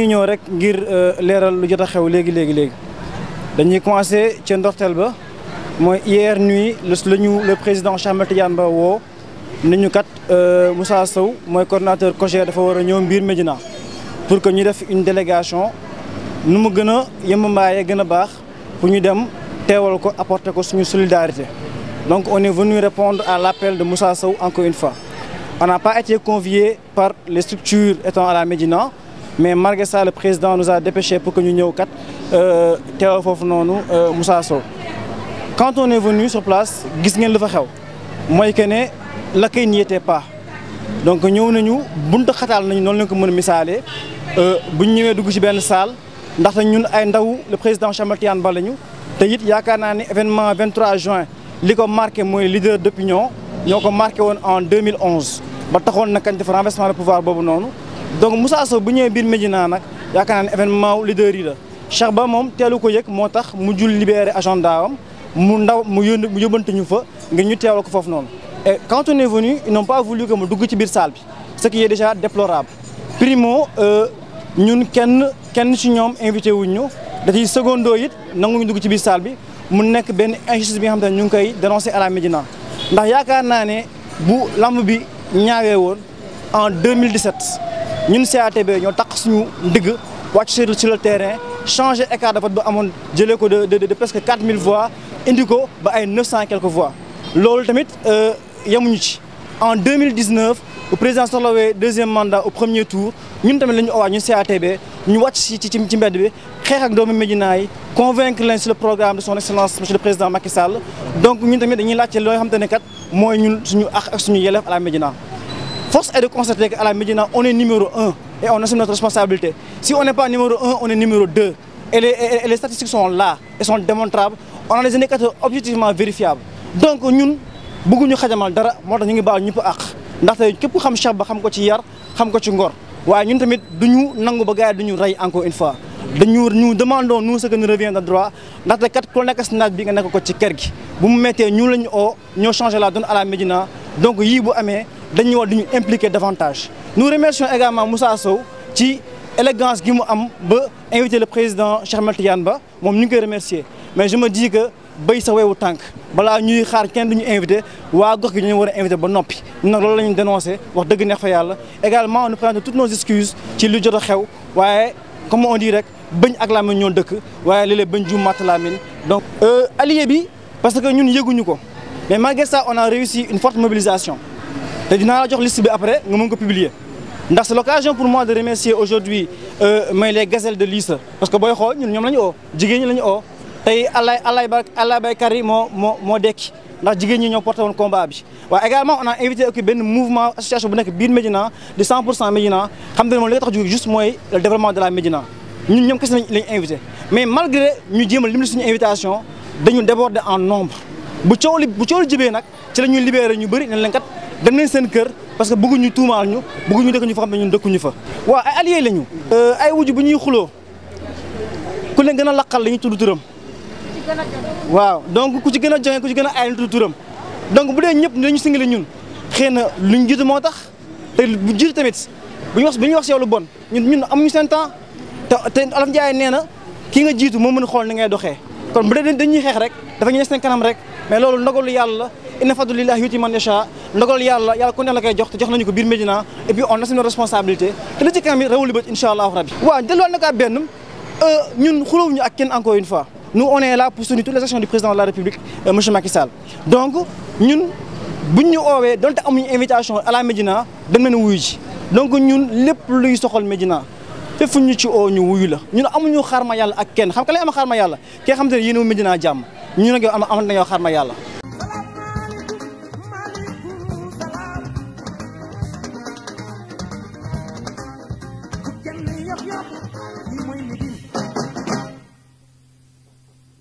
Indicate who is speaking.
Speaker 1: ñu ñëw rek ngir euh, leeral lu jot a xew léegi léegi dañuy commencé ca ndoxtel ba mooy hier nuit la le président Cheikh Ahmed Tidiane Ba woo ni ñu kat euh, Moussa Sow mooy coordonnateur COJER dafa war a ñëw mbir Médina pour que ñu def une délégation nu mu gën a yemambaayee gën a baax pour ñu dem teewal ko apporter ko suñu solidarité donc on est venu répondre à l'appel de Moussa Sow encore une fois on pas été convié par les structures étant à la Médina mais malgré ça président nous a dépêché pour que ñu ñëw kat euh, teew foofu noonu euh, Moussa Sow quand on est venu sur place gis ngeen li fa xew mooy que ne l'accueil n'y était pas donc ñëw nañu buntu xataal nañu noonu lañ ko mën a misaalee euh, bu ñu ñëwee dugg ci benn salle ndaxte ñun ay ndaw le président Cheikh Ahmed Tidiane Ba lañu te it yaakaar naa ne événement 23 juin li ko marqué mooy leader d'opinion ñoo ko marqué woon en 2011 ba taxoon na kañ def renversement de pouvoir boobu noonu. donc Moussa Sow bu ñëwee biir Médina nag yaakaar naa ne événement leader yi la Cheikh Ba moom teelu ko yëg moo tax mu jul libéré agenda am mu ndaw mu yónni mu yóbbante ñu fa ngir ñu teewal ko foofu noonu. et quand on est venu ils n'ont pas voulu que mu dugg ci biir saal bi ce qui est déjà déplorable primo euh, ñun kenn kenn si ñoom invité wuñ ñu da ciy secondo it nanguñu dugg ci biir saal bi mu nekk benn injustice bi nga xam ne ñu ngi koy dénoncer à la Médina ndax yaakaar naa ne bu lamb bi ñaawee woon en 2017. ñun CATB ñoo tax suñu ndigg wàcc sur sur le terrain changé écart de vote amoon jëlee ko de de presque 4000 voix indi ko ba ay 900 quelques voix loolu tamit euh, yemuñu ci en 2019 le président soxlawee deuxième mandat au premier tour ñun tamit la ñu owaat ñun CATB ñu wàcc si ci ci mbedd bi xeex ak doomu Médina yi convaincre leen sur le programme de son excellence monsieur le président Macky donc ñun tamit dañuy laajte loo xamante ne kat mooy ñun suñu ak suñu yelleef à la Médina Force est de constater qu'à la Médina, on numéro 1 et on assume notre responsabilité. Si on n'est pas numéro 1, on est numéro 2. Et les, et les statistiques sont là, elles sont démontrables. On a des objectivement vérifiables. Donc ñun bëgguñu xajamal dara moo tax ñu ngi baal ñëpp àq ndaxte képp xam Cheikh Ba xam ko ci yar xam ko ci ngor waaye ñun tamit du ñu nangu ba gars yi duñu rey encore une fois dañu ñu demandons nous ce que nous revient de droit ndaxte kat ku nekk si naaj bi nga nekk ko ci kër gi bu mu méttee ñu lañu oo ñoo changé la donne à Médina donc yii amee dañu war di ñu impliquer davantage nous remercions également Moussa Sow ci élégance gi mu am ba invité le président Cheikh Ahmed Ba moom ñu ngi koy remercier mais je me dis que béy sa weewu tànk balaa ñuy xaar kenn du ñu invité waa gox gi ñu war a invité ba noppi nag loolu la ñu dénoncé wax dëgg neex fa yàlla également nous présentons toutes nos excuses ci lu jot a xew waaye comme on dit rek bëñ ak laamin ñoo dëkk waaye léeg-léeg bëñ ju màtt laamin donc euh, allié bi parce que ñun yëguñu ko mais malgré ça on réussi une forte mobilisation te dinaa la jox liste bi après nga mën ko publier ndax c'est l'occasion pour moi de remercier aujourd'hui euh, may les gazelles de Lissa parce que booy xool ñun ñoom la ñu oo jigéen ñi la ñu oo tey allah allah allah baykat yi moo moo moo dekki ndax jigéen ñi ñoo porté woon combat bi waaye également on a invité ak benn mouvement association bu nekk biir Médina di 100 pour cent Médina xam ne moom li nga tax jóg juste mooy développement de la Médina ñun ñoom kese lañ invité mais malgré ñu jéem a lim suñu invitation dañu déborder en nombre bu coow li bu coow li jibee nag ci la ñuy libéré ñu bëri ne leen kat dem nañ seen kër parce que bëgguñu tuumaal ñu bëgguñu dëkk ñu fa xam ne ñun dëkkuñu fa waaw ay alliés ñu euh, ay wujj bu ñuy xuloo ku leen gën a laqal la ñu tudd turam waaw donc ku ci gën a joxe ku ci gën a aay la ñu bu dee ñëpp dañu singale ñun xëy na luñ jiitu moo tax te bu jiitu tamit bu ñu wax ñu wax si bon ñun ñun amuñu seen temps te te Alioune Ndiaye nee na ki nga jiitu moo mën xool ni ngay doxee kon bu dee dañuy xeex rek dafa ñu ne seen kanam rek mais loolu ndogalu yàlla la inna fadlu lillahi yuti man yasha ndogal yàlla yàlla kon ne la jox te jox nañu ko biir Médina et puis on assume nos responsabilités te li ci kanam it rawul allahu rabi. waaw delluwaat na kaa benn euh, ñun xulóowuñu ak kenn encore une fois nous on est là pour soutenir toutes les actions du président de la République euh, monsieur Macky donc ñun buñ ñu oowee donte amuñu invitation à la Médina dem nañu wuyu ji donc ñun lépp luy soxal Médina. te fu ñu ci oo ñu wuyu la ñun amuñu xaar ma yàlla ak kenn xam nga lay am yàlla kii nga xam ne yéen a Médina jàmm ñu ne am na yow ma yàlla.